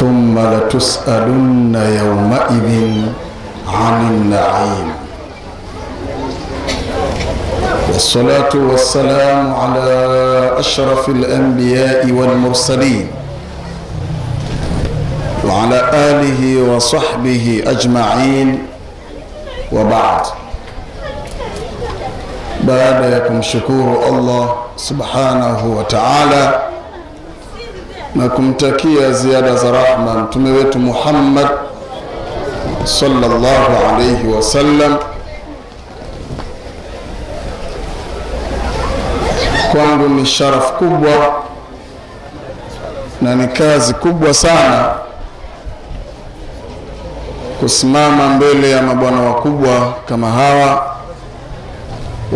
ثم لتسألن يومئذ عن النعيم والصلاة والسلام على أشرف الأنبياء والمرسلين وعلى آله وصحبه أجمعين وبعد بعد يكم شكور الله سبحانه وتعالى na kumtakia ziada za rahma mtume wetu Muhammad sallallahu alayhi wasallam, kwangu ni sharafu kubwa na ni kazi kubwa sana kusimama mbele ya mabwana wakubwa kama hawa,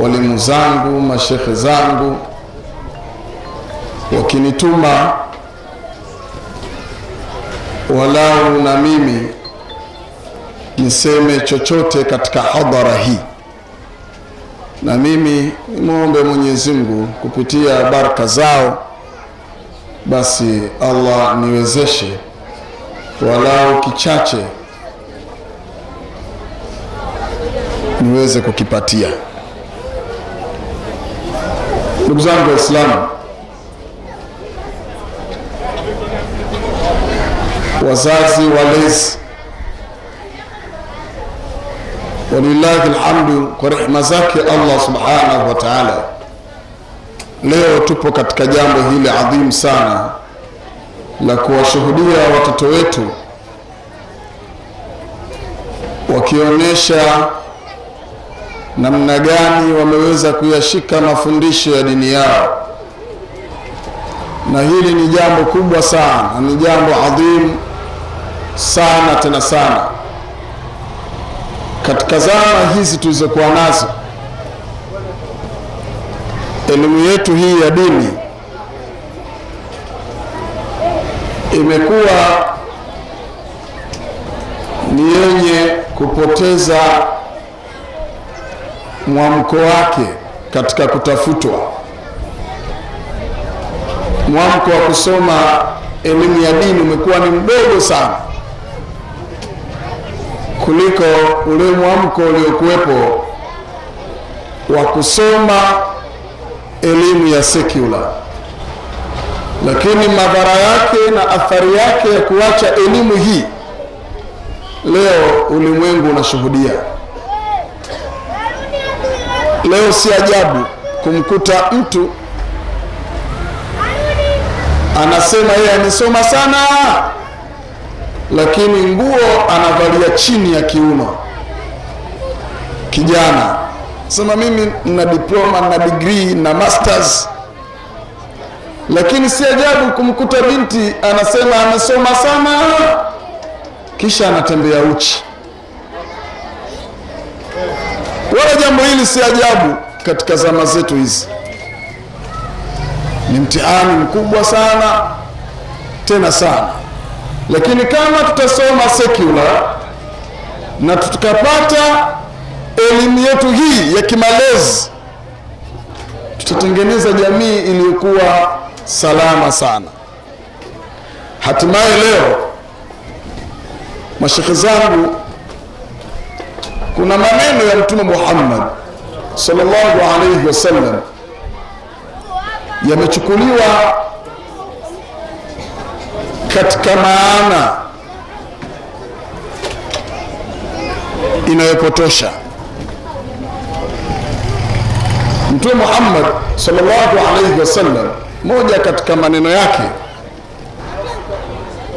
walimu zangu, mashekhe zangu wakinituma walau na mimi niseme chochote katika hadhara hii, na mimi nimwombe Mwenyezi Mungu kupitia baraka zao, basi Allah niwezeshe walau kichache niweze kukipatia. Ndugu zangu Waislamu, wazazi walezi. Walillahi lhamdu kwa rehma zake Allah subhanahu wa taala. Leo tupo katika jambo hili adhimu sana la kuwashuhudia watoto wetu wakionyesha namna gani wameweza kuyashika mafundisho ya dini yao, na hili ni jambo kubwa sana, ni jambo adhimu sana tena sana katika zama hizi tulizokuwa nazo. Elimu yetu hii ya dini imekuwa ni yenye kupoteza mwamko wake katika kutafutwa. Mwamko wa kusoma elimu ya dini umekuwa ni mdogo sana kuliko ule mwamko uliokuwepo wa kusoma elimu ya sekula, lakini madhara yake na athari yake ya kuacha elimu hii leo ulimwengu unashuhudia. Leo si ajabu kumkuta mtu anasema yeye amesoma sana lakini nguo anavalia chini ya kiuno. Kijana sema mimi na diploma na degree na masters, lakini si ajabu kumkuta binti anasema amesoma sana, kisha anatembea uchi. Wala jambo hili si ajabu katika zama zetu hizi, ni mtihani mkubwa sana tena sana. Lakini kama tutasoma secular na tukapata elimu yetu hii ya kimalezi, tutatengeneza jamii iliyokuwa salama sana. Hatimaye leo, mashekhe zangu, kuna maneno ya Mtume Muhammad sallallahu alaihi wasallam yamechukuliwa katika maana inayopotosha. Mtume Muhammad sallallahu alaihi wasallam, moja katika maneno yake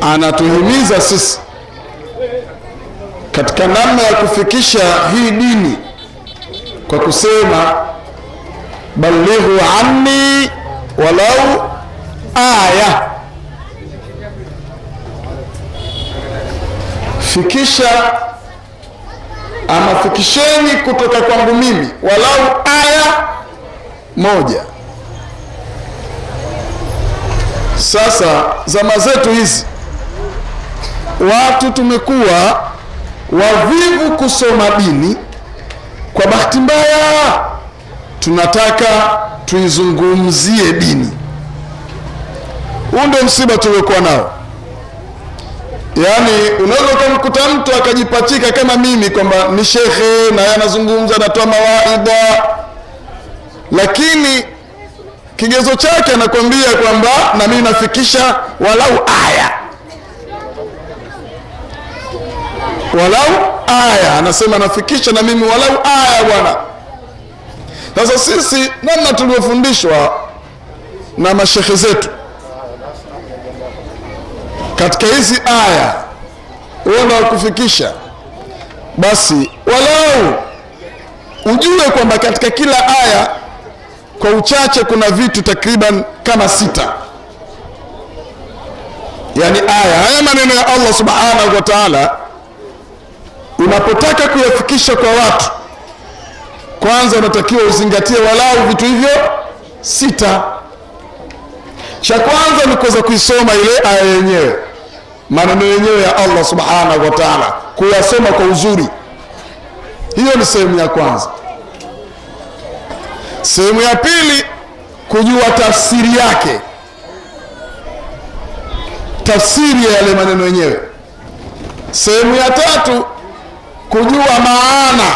anatuhimiza sisi katika namna ya kufikisha hii dini kwa kusema balighu anni walau aya fikisha ama fikisheni kutoka kwangu mimi walau aya moja. Sasa zama zetu hizi watu tumekuwa wavivu kusoma dini. Kwa bahati mbaya, tunataka tuizungumzie dini. Huu ndio msiba tuliokuwa nao. Yaani unaweza ukamkuta mtu akajipachika kama mimi kwamba ni shekhe na anazungumza anatoa mawaidha, lakini kigezo chake anakwambia kwamba na mimi nafikisha walau aya, walau aya, anasema nafikisha na mimi walau aya bwana. Sasa sisi namna tuliofundishwa na mashekhe zetu katika hizi aya unaokufikisha, basi walau ujue kwamba katika kila aya kwa uchache kuna vitu takriban kama sita, yani aya haya maneno ya Allah subhanahu wa ta'ala unapotaka kuyafikisha kwa watu, kwanza unatakiwa uzingatie walau vitu hivyo sita. Cha kwanza ni kuweza kuisoma ile aya yenyewe maneno yenyewe ya Allah subhanahu wa taala, kuyasoma kwa uzuri. Hiyo ni sehemu ya kwanza. Sehemu ya pili, kujua tafsiri yake, tafsiri ya yale maneno yenyewe. Sehemu ya tatu, kujua maana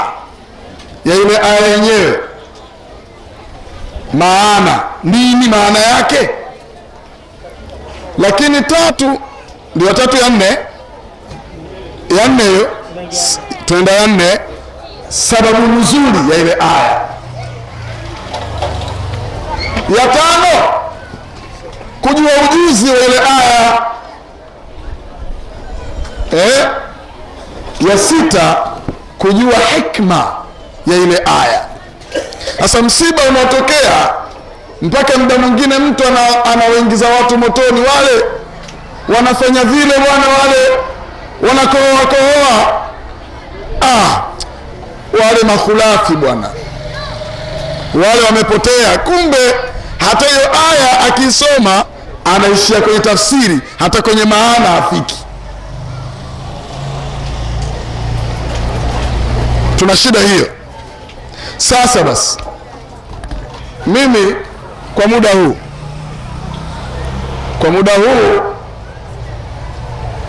ya ile aya yenyewe, maana nini, maana yake. Lakini tatu ndio tatu ya nne ya nne hiyo, tuenda ya nne, sababu nuzuli ya ile aya ya tano, kujua ujuzi wa ile aya eh? ya sita, kujua hikma ya ile aya. Sasa msiba unatokea mpaka muda mwingine mtu anawaingiza watu motoni wale wanafanya vile bwana, wale wanakohoa kohoa. Ah, wale makhulafi bwana, wale wamepotea. Kumbe hata hiyo aya akisoma anaishia kwenye tafsiri, hata kwenye maana afiki Tuna shida hiyo. Sasa basi, mimi kwa muda huu, kwa muda huu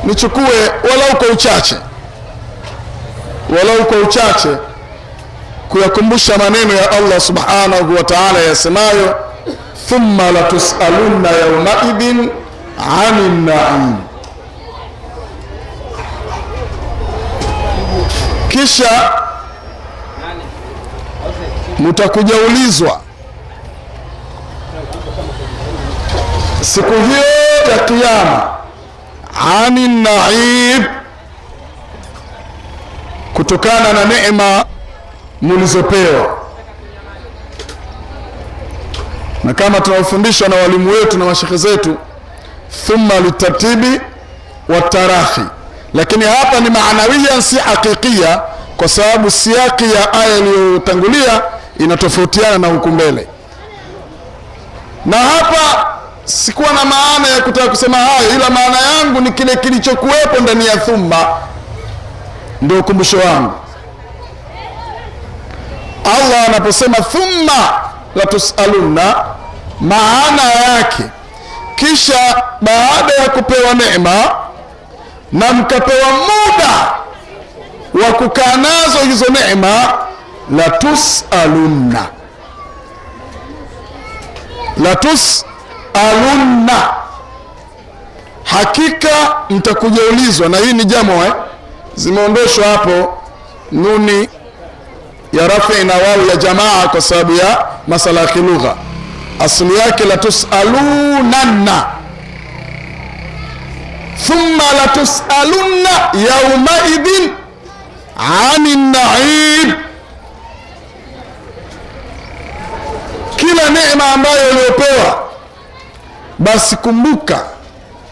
nichukue walau kwa uchache, walau kwa uchache kuyakumbusha maneno ya Allah subhanahu wa ta'ala yasemayo thumma latusalunna yaumaidhin anin naim, kisha mutakujaulizwa siku hiyo ya Kiyama ani naib, kutokana na neema mulizopewa. Na kama tunaofundishwa na walimu wetu na mashehe zetu, thumma litartibi wa tarahi, lakini hapa ni maanawiya, si hakikia, kwa sababu siaki ya aya iliyotangulia inatofautiana na huku mbele na hapa sikuwa na maana ya kutaka kusema hayo, ila maana yangu ni kile kilichokuwepo ndani ya thumma, ndio ukumbusho wangu. Allah anaposema thumma latusalunna, maana yake kisha baada ya kupewa neema na mkapewa muda wa kukaa nazo hizo neema, latusalunna latus alunna, hakika mtakuja ulizwa. Na hii ni jamo eh? Zimeondoshwa hapo nuni ya rafi na wau ya jamaa kwa sababu ya masala ya kilugha. Asili yake latusalunanna thumma latusalunna yaumaidhin ani naim. Kila neema ambayo uliopewa basi kumbuka,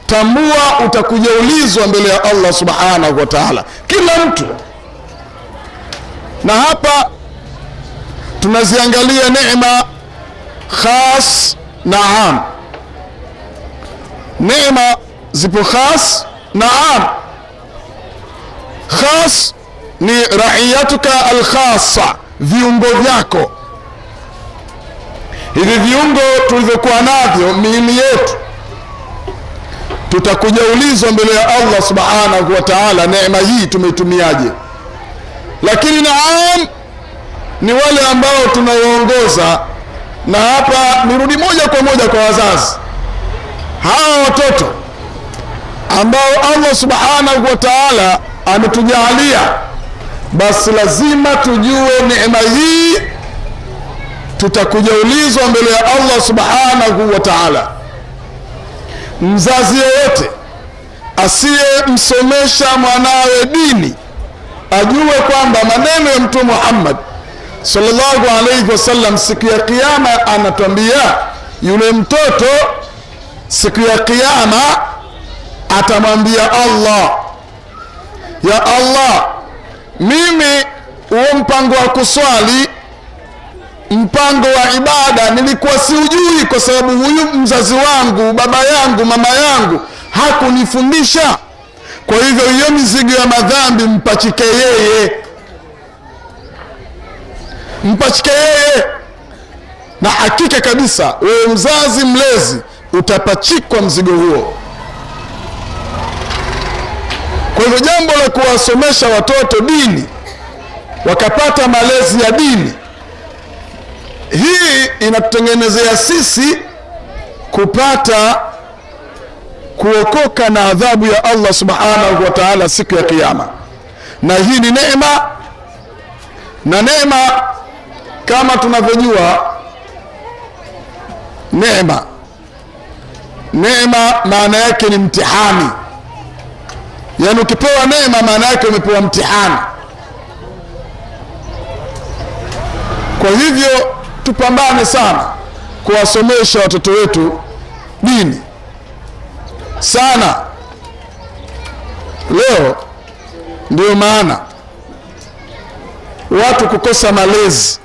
tambua, utakuja ulizwa mbele ya Allah subhanahu wa ta'ala, kila mtu. Na hapa tunaziangalia neema khas na am. Neema zipo khas na am. Khas ni raiyatuka alkhassa, viungo vyako hivi viungo tulivyokuwa navyo miili yetu, tutakuja ulizwa mbele ya Allah subhanahu wa ta'ala, neema hii tumeitumiaje? Lakini naam, ni wale ambao tunawaongoza, na hapa nirudi moja kwa moja kwa wazazi hawa watoto ambao Allah subhanahu wa ta'ala ametujalia, basi lazima tujue neema hii tutakuja ulizwa mbele ya Allah subhanahu wa ta'ala. Mzazi yeyote asiyemsomesha mwanawe dini ajue kwamba maneno ya Mtume Muhammad sallallahu alayhi wasallam siku ya Kiyama anatwambia yule mtoto siku ya Kiyama atamwambia Allah, ya Allah, mimi huo mpango wa kuswali mpango wa ibada nilikuwa siujui, kwa sababu huyu mzazi wangu, baba yangu, mama yangu hakunifundisha. Kwa hivyo hiyo mizigo ya madhambi mpachike yeye, mpachike yeye. Na hakika kabisa wewe mzazi mlezi utapachikwa mzigo huo. Kwa hivyo jambo la kuwasomesha watoto dini wakapata malezi ya dini hii inatutengenezea sisi kupata kuokoka na adhabu ya Allah subhanahu wa ta'ala siku ya Kiyama, na hii ni neema, na neema kama tunavyojua neema neema maana yake ni mtihani. Yaani ukipewa neema, maana yake umepewa mtihani. Kwa hivyo tupambane sana kuwasomesha watoto wetu dini sana. Leo ndio maana watu kukosa malezi,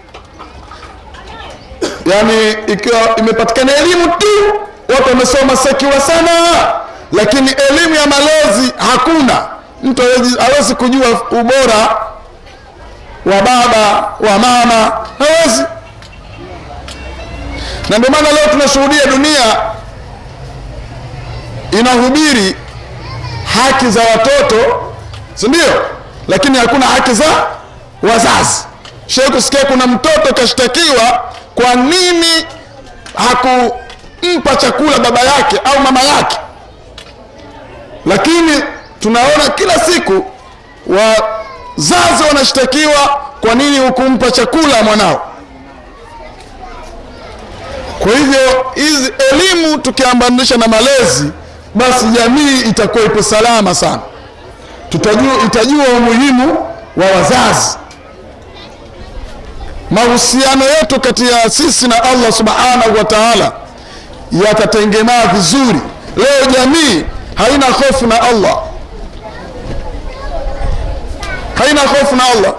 yaani ikiwa imepatikana elimu tu, watu wamesoma sekiwa sana, lakini elimu ya malezi hakuna. Mtu hawezi kujua ubora wa baba wa mama, hawezi na ndio maana leo tunashuhudia dunia inahubiri haki za watoto, si ndio? Lakini hakuna haki za wazazi. Shehe kusikia kuna mtoto kashtakiwa, kwa nini hakumpa chakula baba yake au mama yake? Lakini tunaona kila siku wazazi wanashtakiwa, kwa nini hukumpa chakula mwanao? Kwa hivyo hizi elimu tukiambanisha na malezi, basi jamii itakuwa ipo salama sana, tutajua itajua umuhimu wa wazazi. Mahusiano yetu kati ya sisi na Allah subhanahu wa taala yatatengemaa vizuri. Leo jamii haina hofu na Allah, haina hofu na Allah,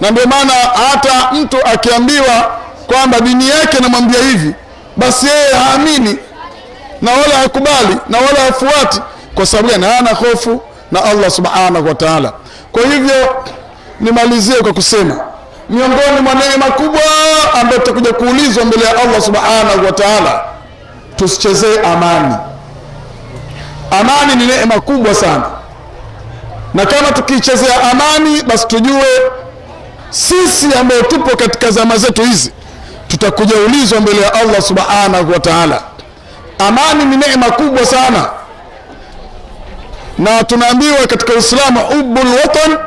na ndio maana hata mtu akiambiwa kwamba dini yake namwambia hivi basi yeye haamini na wala hakubali na wala hafuati, kwa sababu gani? Hana hofu na Allah subhanahu wa taala. Kwa hivyo nimalizie kwa kusema miongoni mwa neema kubwa ambayo tutakuja kuulizwa mbele ya Allah subhanahu wa taala, tusichezee amani. Amani ni neema kubwa sana, na kama tukiichezea amani, basi tujue sisi ambao tupo katika zama zetu hizi tutakuja ulizwa mbele ya Allah subhanahu wa ta'ala. Amani ni neema kubwa sana, na tunaambiwa katika Uislamu, ubul watan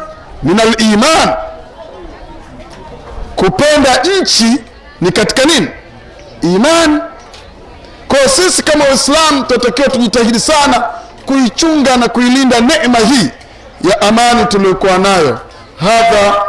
min aliman, kupenda nchi ni katika nini? iman Kwa sisi kama Waislamu tunatakiwa tujitahidi sana kuichunga na kuilinda neema hii ya amani tuliyokuwa nayo. hadha